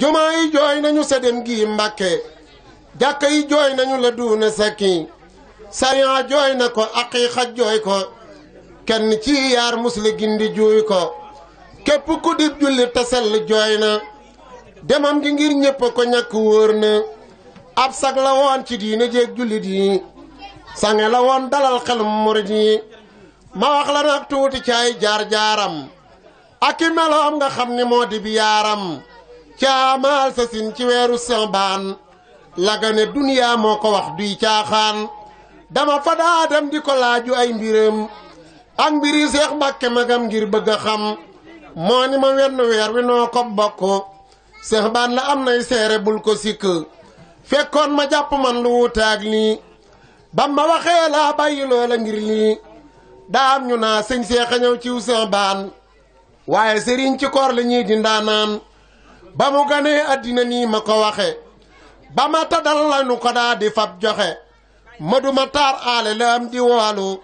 jumaa yi jooy nañu sedem gi mbàkke jàkka yi jooy nañu la duune sekki sariya jooy na ko aqiiqa jooy ko kenn ci yaar musli gindi juuy ko képp ku dib jullit te sell jooy na demam gi ngir ñépp ko ñàkk wóor na ab sag la woon ci diine jéeg jullit yi sange la woon dalal xelum murit yi ma wax la nag tuuti ci jaar jaaram ak i meloom nga xam ni moo di yaaram caamaal sa ci weeru sambaan lagane duniyaa moo ko wax duy caaxaan dama fa daa dem di ko laaju ay mbiram ak mbiri seex mbàkke magam ngir bëgg a xam moo ni ma wenn weer wi noo ko bokk seex la am nay seere bul ko sikk fekkoon ma jàpp man lu wutaag lii bam ma waxee laa bàyyi loola ngir lii daam ñu naa sëñ seex a waaye sëriñ ci koor la ñuy di ndaanaan ba mu ganee àddina nii ma ko waxe ba ma tadal nu ko daa di fab joxe ma duma taar aale la am di woolu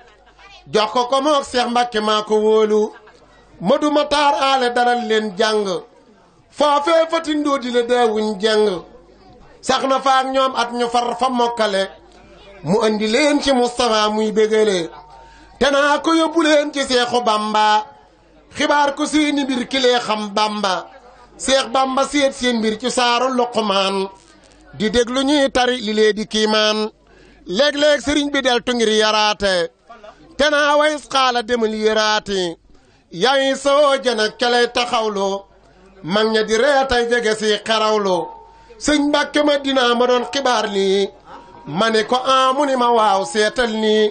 jox ko ko moog Seex Mbàkke maa ko wóolu ma duma taar aale daral leen jàng foofee fatindoo di la daawuñ jàng sax na faak ñoom at ñu far fa mokkale mu andi leen ci Moustapha muy bégale te naa ko yóbbu leen ci seexu Bamba xibaar ko seeni mbir kilee xam Bamba seex bamba seet seen mbir ci saaru luqmaan di déglu ñuy tari li lee di kiimaan léeg-léeg sëriñ bi deltu ngir yaraate te naa way xaala demal yaraati yaay soo jëna kelay taxawloo mag ña di reetay jege si xerawloo sëñ mbàkke ma dinaa ma doon xibaar lii ma ne ko amu ni ma waaw seetal nii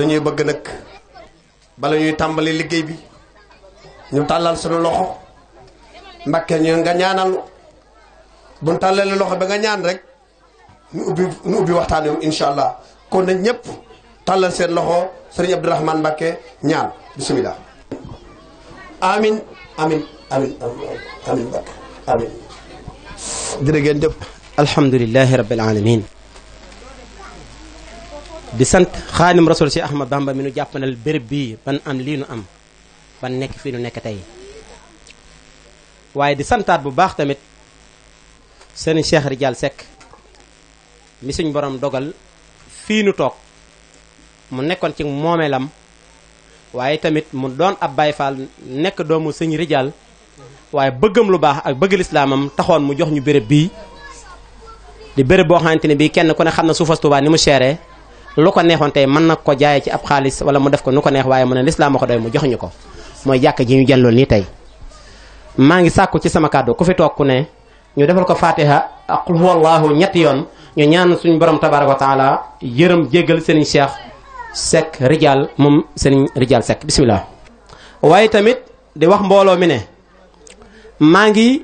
dañuy bëgg nag bala ñuy tàmbali liggéey bi ñu tàllal suñu loxo mbakke ñu nga ñaanal buñ tàllale loxo ba nga ñaan rek ñu ubbi waxtaan wi incha allah kon nag ñëpp tàllal seen loxo sëriñ Abdourahmane Mbakke ñaan bisimilah. amin amin amin amin Mbakke amin. jërëjëf. alhamdulilahi rabbil alamin di sant xaadim rasul si Ahmad Bamba mi nu jàppanal bërëb bii ban am lii nu am ban nekk fii nu nekk tey waaye di santaat bu baax tamit sëriñ Cheikh Ridial Seck mi suñ borom dogal fii nu toog mu nekkoon ci moomeelam waaye tamit mu doon ab Baay Faal nekk doomu sëñ Ridial waaye bëggam lu baax ak bëgg lislaamam taxoon mu jox ñu bërëb bii di béréb boo xamante ne bii kenn ku ne xam na suufas Tuubaa ni mu seeree lu ko neexoon tey mën na ko jaayee ci ab xaalis wala mu def ko nu ko neex waaye mu ne lislaam ma ko doy mu jox ñu ko mooy jàkk ji ñu jëloon nii tey maa ngi sàkku ci sama kàddu ku fi toog ne ñu defal ko fatiha ak qul huwallahu ñetti yoon ñu ñaan suñu borom tabaraka wa taala yërëm jéggal sëriñ Cheikh Seck Rijal moom sëriñ Rijal sekk bisimilah. waaye tamit di wax mbooloo mi ne maa ngi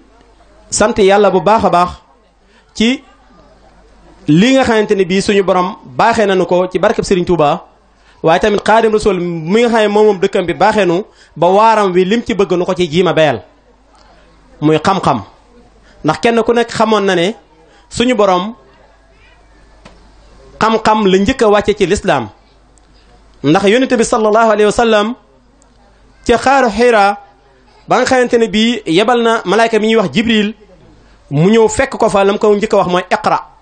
sant yàlla bu baax a baax ci. lii nga xamante ne bii suñu borom baaxee nañu ko ci barkeb Serigne Touba waaye tamit Xaadim Rasul mi nga xam ne moom moom dëkkam bi baaxee nu ba waaram wi lim ci bëgg nu ko ci jiima bayal muy xam-xam ndax kenn ku nekk xamoon na ne suñu borom xam-xam la njëkk a wàcce ci lislaam ndax yonent bi sallallahu alayhi wa sallam xaaru xiira ba nga xamante ne bii yebal na malaayka bi ñuy wax jibril mu ñëw fekk ko fa lam ko njëkk wax mooy iqra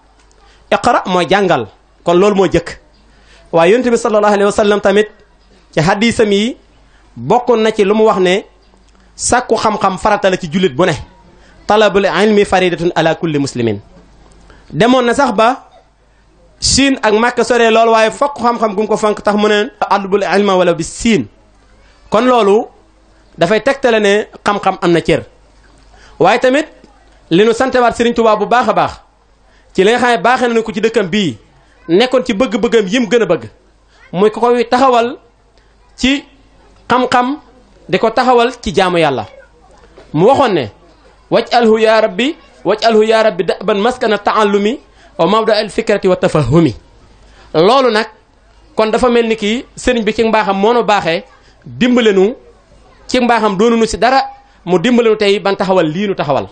iqra mooy jàngal kon loolu moo jëkk waaye yonent bi sallallahu alayhi wa sallam tamit ci hadisam yi bokkoon na ci lu mu wax ne sàkku xam-xam farata ci jullit bu ne talabul ilmi faridatun ala kulli muslimin demoon na sax ba Chine ak Màkka soree loolu waaye fokk xam-xam gu ko fonk tax mu ne atlubul ilma wala bi siin kon loolu dafay tegtale ne xam-xam am na cër waaye tamit li nu santewaat Sëriñ Tuubaa bu baax a baax ci li nga xam ne baaxee nañu ko ci dëkkam bii nekkoon ci bëgg-bëggam mu gën a bëgg muy ko koy taxawal ci xam-xam di ko taxawal ci jaamu yàlla mu waxoon ne waj alhu ya rabbi waj alhu ya rabbi daban maskana taallumi wa mawda al fikrati wa mi loolu nag kon dafa mel ni kii sëriñ bi ci mbaaxam moo nu baaxee dimbale nu ci mbaaxam doonunu ci dara mu dimbale tey ban taxawal lii nu taxawal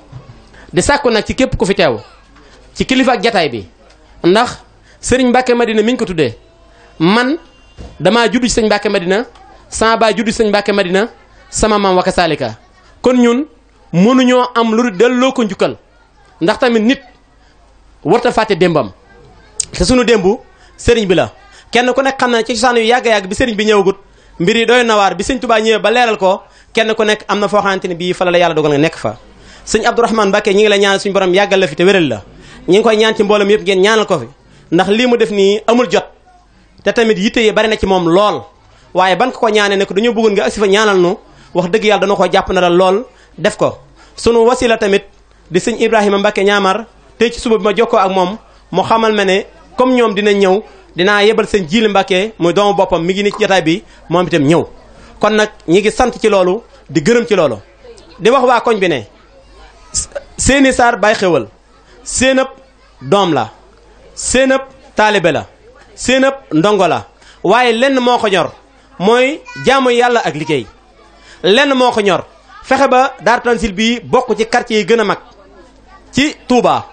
di sàkku nag ci képp ku fi teew ci kilifa ak jataay bi ndax sëriñ Mbàkke Madina mi ñu ko tuddee man damaa juddu ci sëñ Mbàkke Madina sama baay juddu ci sëñ sama maam waka saalika kon ñun mënuñoo am lu delloo ko njukkal ndax tamit nit warta fàtte démbam te sunu démbu sëriñ bi la kenn ku nekk xam na ci cosaan yu yàgg-yàgg bi sëriñ bi ñëwagut mbir yi doy nawaar bi sëñ Tuubaa ñëwee ba leeral ko kenn ku nekk am na foo xamante ne bii fa la la yàlla dogal nga nekk fa sëñ Abdourahmane Mbàkke ñi ngi la ñaan suñu borom yàggal la fi te wéral la ñi ngi koy ñaan ci mboolam yëpp ngeen ñaanal ko fi ndax lii mu def nii amul jot te tamit yitte yi bari na ci moom lool waaye ban ko ko ñaanee ne ko dañoo bëggoon nga agsi fa ñaanal nu wax dëgg yàlla dana ko jàpp na la lool def ko sunu wasila tamit di sëñ Ibrahima Mbacke ñaamar tey ci suba bi ma ko ak moom mu xamal ma ne comme ñoom dina ñëw dinaa yebal sëñ Jiili Mbacke muy doomu boppam mi ngi ni ci jotaay bi moom itam ñëw kon nag ñi ngi sant ci loolu di gërëm ci loolu di wax waa koñ bi seeni saar bay seenab doom la seenab taalibe la seenab ndongo la waaye lenn moo ko ñor mooy jaamu yàlla ak liggéey lenn moo ko ñor fexe ba Daaru Tanzil bii bokk ci quartier yi gën a mag ci Touba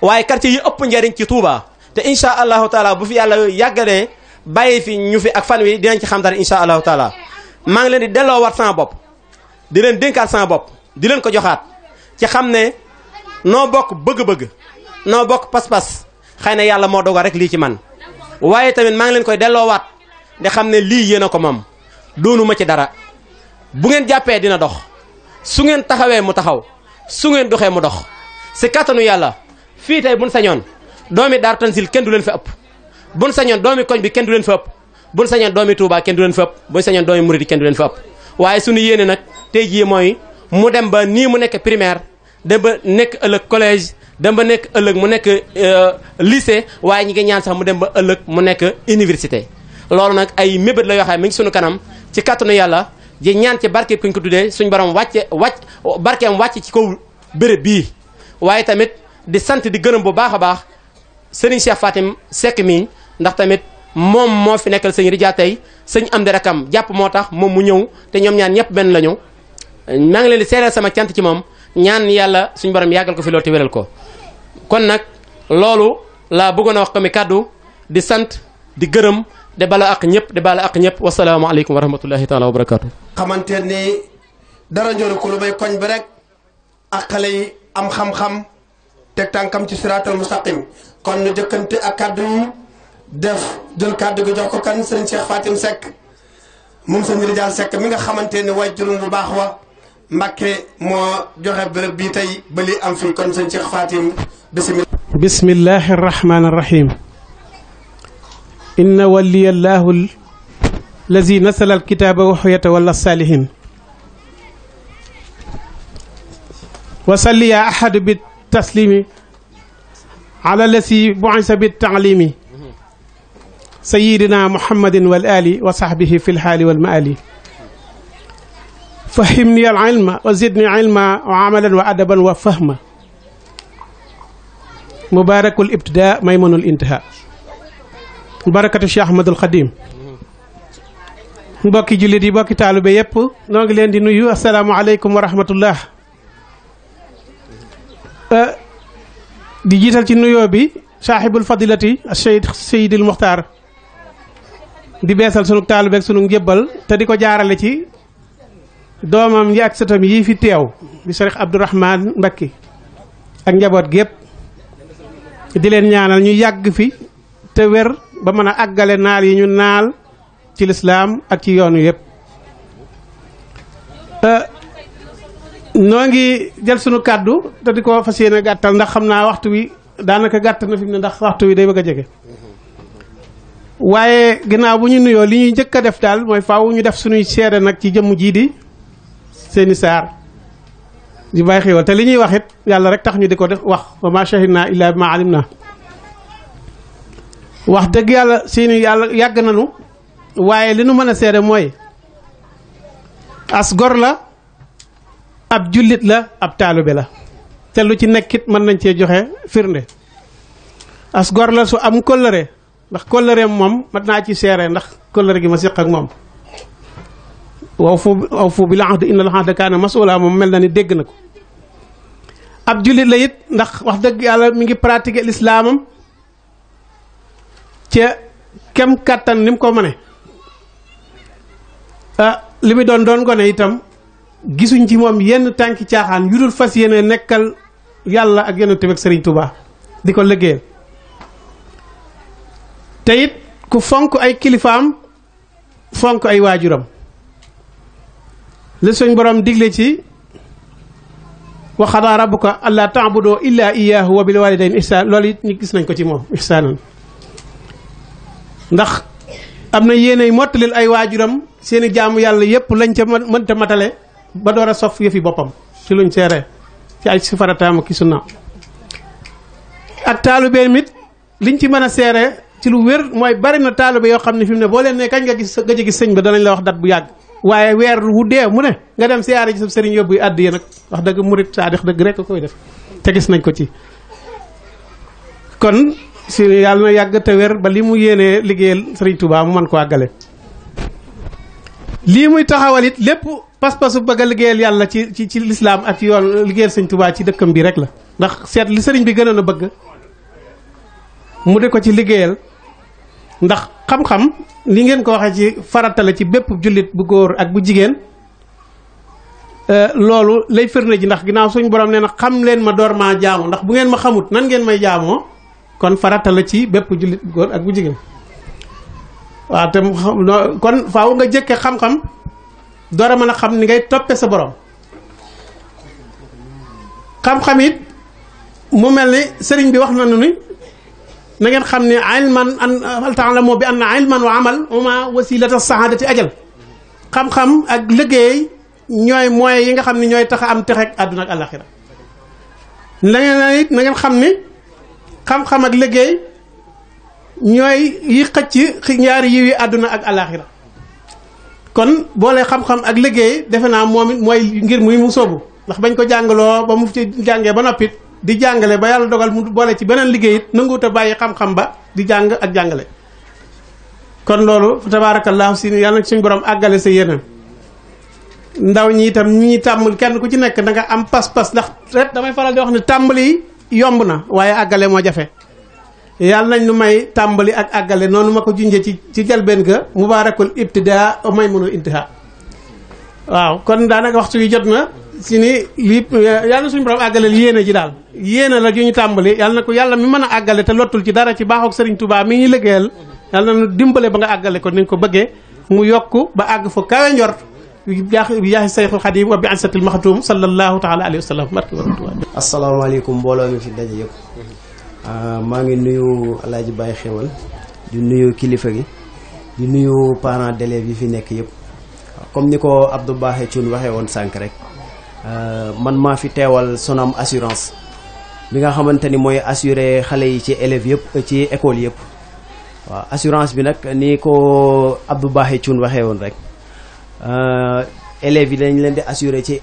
waaye quartier yi ëpp njariñ ci Touba te incha allahu taala bu fi yàlla yàggalee bàyyi fi ñu fi ak fan wi dinañ ci xam dara incha allahu taala maa ngi leen di delloo war sama bopp di leen dénkaat sama bopp di leen ko joxaat ci xam ne noo bokk bëgg-bëgg noo bokk pas-pas xëy na yàlla moo dogal rek lii ci man waaye tamit maa leen koy delloowaat de xam ne lii yéen a ko moom doonu ma ci dara bu ngeen jàppee dina dox su ngeen taxawee mu taxaw su ngeen doxee mu dox si kàttanu yàlla fii tey buñ sañoon doomi Daaru Tanzil kenn du leen fa ëpp buñ sañoon doomi koñ bi kenn du leen fa ëpp buñ sañoon doomi Touba kenn du leen fa ëpp buñ sañoon doomi Mouride kenn du leen fa ëpp waaye suñu yéene nag tey jii mooy mu dem ba nii mu nekk primaire dem ba nekk ëllëg collège dem ba nekk ëllëg mu nekk euh, lycée waaye ñi ngi ñaan sax mu dem ba ëllëg mu nekk université. loolu nag ay mébét la yoo xam ne mi ngi sunu kanam ci kàttanu yàlla di ñaan ci barkeem ku ñu ko du dee suñ borom wàcce wàcc barkeem wàcce ci kaw bërëb bii. waaye tamit di sant di gërëm bu baax a baax sëriñ Cheikh Fatim Seck mii ndax tamit moom moo fi nekkal sëñ Rija tey sëñ am di rakam jàpp moo tax moom mu ñëw te ñoom ñaan ñëpp benn la ñu maa leen di sama cant ci moom. ñaan yàlla suñ borom yàggal ko fi loolu te wéral ko kon nag loolu laa bëggoon a wax ko mi kàddu di sant di gërëm di bala ak ñëpp di bala ak ñëpp wasalaamaaleykum wa rahmatullahi taala wa barakaatu. xamante ni dara ñoru ko lu may koñ bi rek ak xale yi am xam-xam teg tànkam ci siraatal mustaqim kon ñu jëkkante ak kàddu yi def jël kàddu gi jox ko kan sëñ Cheikh Fatim Seck moom sëñ Rijal Seck mi nga xamante ni way juróom bu baax wa Mbacke moo joxe bërëb bi tey ba li am fii kon sëñ Cheikh Fatim bisimilah. bismillahi arrahmani arrahim. inna waliya allahu lazi nasala alkitaaba wa xuyata wala saalihin. wasalli yaa ahadu bi taslimi ala lasi buisa bi taalimi sayidina muhammadin wal ali wa sahbihi fi lhaali wal maali fahimni al ilma wa zidni ilma wa amalan adaban wa fahma mubaarakul ibtidaa maymunul intihaa barakatu Cheikh Ahmadul Xadim mbokki jullit yi mbokki taalibe yépp noo ngi leen di nuyu asalaamualeykum wa rahmatullah euh, di jiital ci nuyoo bi saaxibul fadilati Seyd Seydil Muxtaar di beesal sunu taalibe ak njëbbal te di ko jaarale ci doomam yi ak sëtam yii fi teew di Cheikh Abdourahman Mbacke ak njaboot gépp di leen ñaanal ñu yàgg fi te wér ba mën a àggale naal yi ñu naal ci lislaam ak ci yoonu yëpp euh, noo ngi jël sunu kàddu te di ko fas yéene gàttal ndax xam naa waxtu wi daanaka gàtt na fi ne ndax waxtu wi day bëgg a jege waaye ginnaaw bu ñu nuyoo li ñuy njëkk a def daal mooy faaw ñu def suñuy seede nag ci jëmm jii di seeni saar di bàyyi xéwal te li ñuy wax it yàlla rek tax ñu di ko def wax wa ma shahidna illa bi ma alim na wax dëgg yàlla seeni yàlla yàgg nañu waaye li nu mën a seere mooy as gor la ab jullit la ab taalibe la te lu ci nekkit mën nañ cee joxe firnde as gor la su am kóllëre ndax kóllëreem moom mat naa ci seere ndax kóllëre gi ma siq ak moom waw fu waw fu bil ahdi innal ahda kaana mas'uula moom mel na ni dégg na ko ab jullit la it ndax wax dëgg yàlla mi ngi pratiquer lislaamam ca kem kàttan ni mu ko mane ah, li mu doon doon gone itam gisuñ ci moom yenn tànki caaxaan yu dul fas yéene nekkal yàlla ak yenn tamit Serigne Touba di ko liggéeyal te it ku fonk ay kilifaam fonk ay waajuram la suñ borom digle ci wa xadaa rabbuka allaa taabudoo illaa iyaahu wa bil waalidayni ihsaan loolu it ñu gis nañ ko ci moom ihsaanan ndax am na yéenay mottalil ay waajuram seeni jaamu yàlla yépp lañ ca mënta matale ba door a sof yëfi boppam ci luñ seere ci ay si farataam ki sunna ak taalibeem it liñ ci mën a seere ci lu wér mooy bari na taalibe yoo xam ne fi mu ne boo leen ne kañ nga gis sëñ ba danañ la wax dat bu yàgg waaye weer wu dee mu ne nga dem siyaare ji sa sëriñ yóbbu àdd yi nag wax dëgg murit saadix dëgg rek koy def te gis nañ ko ci kon si yàlla na yàgg te wér ba li mu yéenee liggéeyal sëriñ Touba mu mën ko àggale lii muy taxawal it lépp pas-pasu bëgg a liggéeyal yàlla ci ci ci lislaam ak ci yoon liggéeyal sëñ Touba ci dëkkam bi rek la ndax seet li sëriñ bi gënoon a bëgg mu di ko ci liggéeyal ndax xam-xam li ngeen ko waxee ci farata ci bépp jullit bu góor ak bu jigéen euh, loolu lay firnde ji ndax ginnaaw suñu borom nee na xam leen ma door maa jaamu ndax bu ngeen ma xamut nan ngeen may jaamoo kon farata la ci bépp jullit bu bu jigéen waaw te kon faaw nga jëkke xam-xam door a mën a xam ni ngay toppe sa borom xam-xam it mu mel ni sëriñ bi wax nañu ni na ngeen xam ne man an altaalamoo bi an na ilman wa amal uma wasilata saadati ajal xam-xam ak liggéey ñooy mooy yi nga xam ne ñooy tax am texeeg àdduna ak àlaxira na xam ne xam-xam ak liggéey ñooy yi xëcc ñaari yiw yi àdduna ak àlaxira kon boole xam-xam ak liggéey defe naa moom it mooy ngir muy mu sóobu ndax bañ ko jàngaloo ba mu ci jàngee ba noppit di jàngale ba yàlla dogal mu boole ci beneen liggéey it nanguwut bàyyi xam-xam ba di jàng ak jàngale. kon loolu tabaarakallaahu si yàlla na suñu borom àggale sa yéene ndaw ñi itam ñi tàmmul kenn ku ci nekk da nga am pas-pas ndax ret damay faral di wax ne tàmbali yomb na waaye àggale moo jafe. yàlla nañ lu may tàmbali ak àggale noonu ma ko junjee ci ci jalbeen ga mubaarakul ibtidaa may mënul intihaa waaw kon daanaka waxtu wi jot na. si ni lii yàlla suñ suñu borom àggaleel yéene ji daal yéene la ju ñu tàmbali yàlla na ko yàlla mi mën a àggale te lottul ci dara ci baaxook Serigne Touba mi ñu liggéeyal yàlla na dimbale ba nga àggale ko ni ko bëggee mu yokk ba àgg fa kawe njort yaa yaaxi sayxul xadim wa bi ansatil maxatum sallallahu taala alayhi wa sallam barki warahmatullah asalaamaaleykum mbooloo mi fi daje yëpp ah, maa ngi nuyu alaaji Baye xewal di nuyu kilifa gi di nuyu parents d'élèves yi fi nekk yëpp comme ni ko Abdou Baaxe Cuun waxee woon sànq rek Euh, man maa fi teewal Sonam assurance bi nga xamante ni mooy assuré xale yi ci élèves yëpp euh, ci école yëpp waaw assurance bi nag ni ko Abdou Baaxe Cuun waxee woon rek euh, élèves yi dañ leen di assuré ci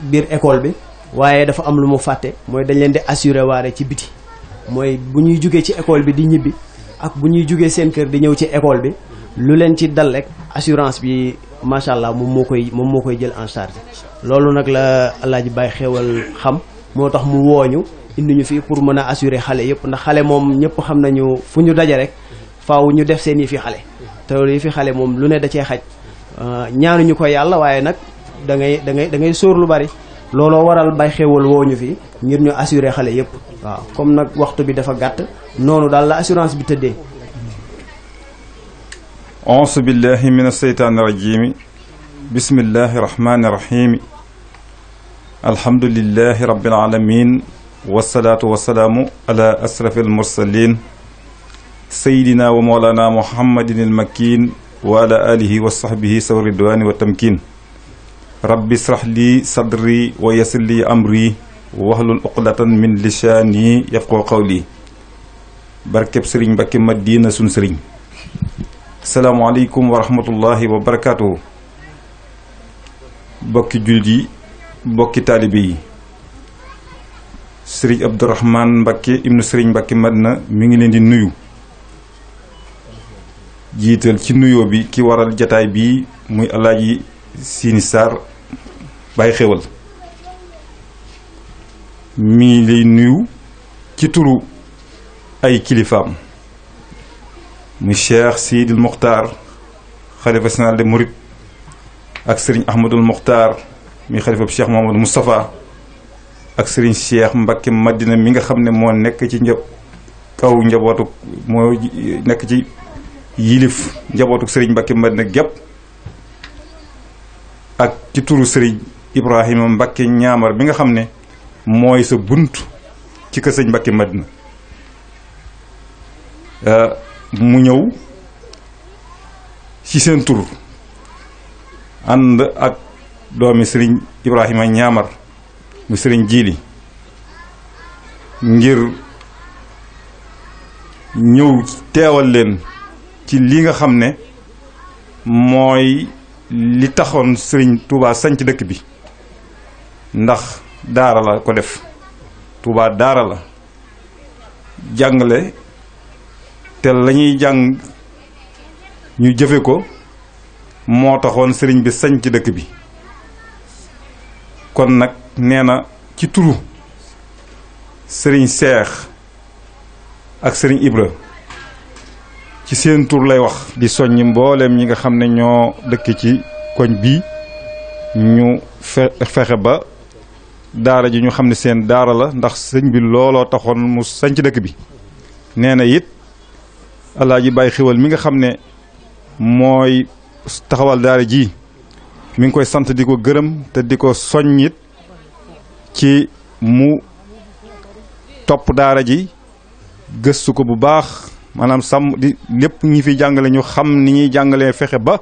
biir école bi waaye dafa am lu mu fàtte mooy dañ leen di assuré waare ci biti mooy bu ñuy jugee ci école bi di ñibbi ak bu ñuy jógee seen kër di ñëw ci école bi lu leen ci dal rek assurance bi macha allah moom moo koy moom moo koy jël en charge loolu nag la alaaji Baye xéewal xam moo tax mu wooñu indi ñu fii pour mën a assurer xale yëpp ndax xale moom ñëpp xam nañu fu ñu daje rek faw ñu def seen yi fi xale te loolu yi fi xale moom lu ne da cee xaj euh, ñaanuñu ko yàlla waaye nag da ngay da ngay da ngay sóor lu bari looloo waral bay xéewal woo ñu fi ngir ñu assurer xale yëpp waaw comme nag waxtu bi dafa gàtt noonu daal la assurance bi tëddee ausu billahi min alseytaani irajimi bismillahi irahmani irahimi alhamdulilahi rabilalamin wasalaatu wasalaamu ala asrafi almursalin sayidina wa moolana mohammadin almakin wa ala alihi wa sahbihi saw ridwani wa tamkin rabbi israh li sadri wa yassir li amri waxlul uqdatan min lisaani yafqoo qawli barkeb sëriñ Mbàkke Madina sun sëriñ salaamaaleykum wa rahmatullahi wa barakaatu. bokki jullit bokki taalibe yi sëriñ Abdourahmane Mbacke ibnu sëriñ Mbacke Madina mi ngi leen di nuyu jiital ci nuyoo bi ki waral jataay bii muy alaaji Sini Sarr bàyyi xewal mi lay nuyu ci turu ay kilifaam muy cheikh Sidil Mokhtar xalifa général de Mouride ak sëriñ Ahmadul Mokhtar muy xalifa bu cheikh Mouhamadou ak sëriñ cheikh Mbacke Madina mi nga xam ne moo nekk ci kaw njabootu moo nekk ci yilif njabootu sëriñ mbakki Madina gépp ak ci turu sëriñ Ibrahima Mbacke ñaamar bi nga xam ne mooy sa bunt ci kër sëñ Mbacke Madina. Euh, mu ñëw ci seen tur ànd ak doomi sëriñ Ibrahima Ñaamar mu sëriñ Jiili ngir ñëw teewal leen ci li nga xam ne mooy li taxoon sëriñ Touba sanc dëkk bi ndax daara la ko def Touba daara la jàngale te lañuy jàng ñu jëfe ko moo taxoon sëriñ bi sañ dëkk bi kon nag nee na ci turu sëriñ seex ak sëriñ ibra ci seen tur lay wax di soññi mbooleem ñi nga xam ne ñoo dëkk ci koñ bi ñu fexe ba daara ji ñu xam ne seen daara la ndax sëñ bi looloo taxoon mu sañ dëkk bi nee na it alaaji bàyyi xéwal mi nga xam ne mooy taxawal daara ji mu ngi koy sant di ko gërëm te di ko soññit ci mu topp daara ji gëstu ko bu baax maanaam sàmm di lépp ñi fi jàngale ñu xam ni ñuy jàngalee fexe ba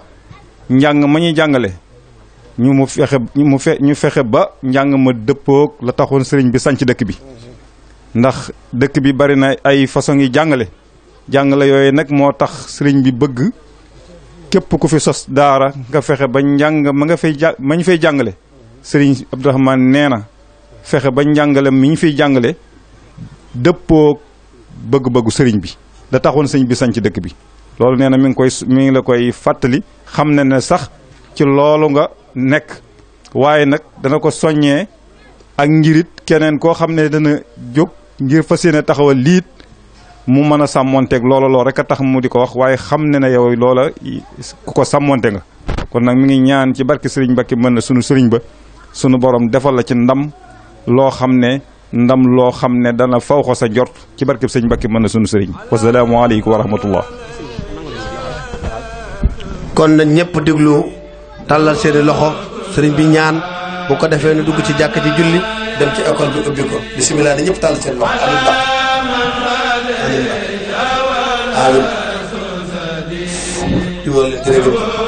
njàng ma ñuy jàngale ñu mu fexe mu ñu fexe ba njàng ma dëppoog la taxoon sëriñ bi sanc dëkk bi ndax dëkk bi bari na ay façon yi jàngale jàngale yooyu nag moo tax sëriñ bi bëgg képp ku fi sos daara nga fexe ba njàng ma nga fay ja ma fay jàngale sëriñ Abdourahmane nee na fexe ba njàngale mi ñu fiy jàngale dëppoo bëgg-bëggu sëriñ bi da taxoon sëriñ bi sanc dëkk bi loolu nee na mi ngi koy mi ngi la koy fàttali xam na sax ci loolu nga nekk waaye nag dana ko soññee ak ngirit keneen koo xam ne dana jóg ngir fas yéene taxawal liit mu mën a sàmmonteeg loola lool rek a tax mu di ko wax waaye xam ne na yow loola ku ko sàmmonte nga kon nag mi ngi ñaan ci barke sëriñ Mbacke mën na sunu sëriñ ba sunu boroom defal la ci ndam loo xam ne ndam loo xam ne dana faw ko sa jot ci barke sëriñ Mbacke mën na sunu sëriñ wasalaamaaleykum wa rahmatullah kon nag ñëpp déglu tàllal seeni loxo sëriñ bi ñaan bu ko defee nu dugg ci jàkk ci julli dem ci école bi ubbi ko bisimilah na ñëpp tàllal amiin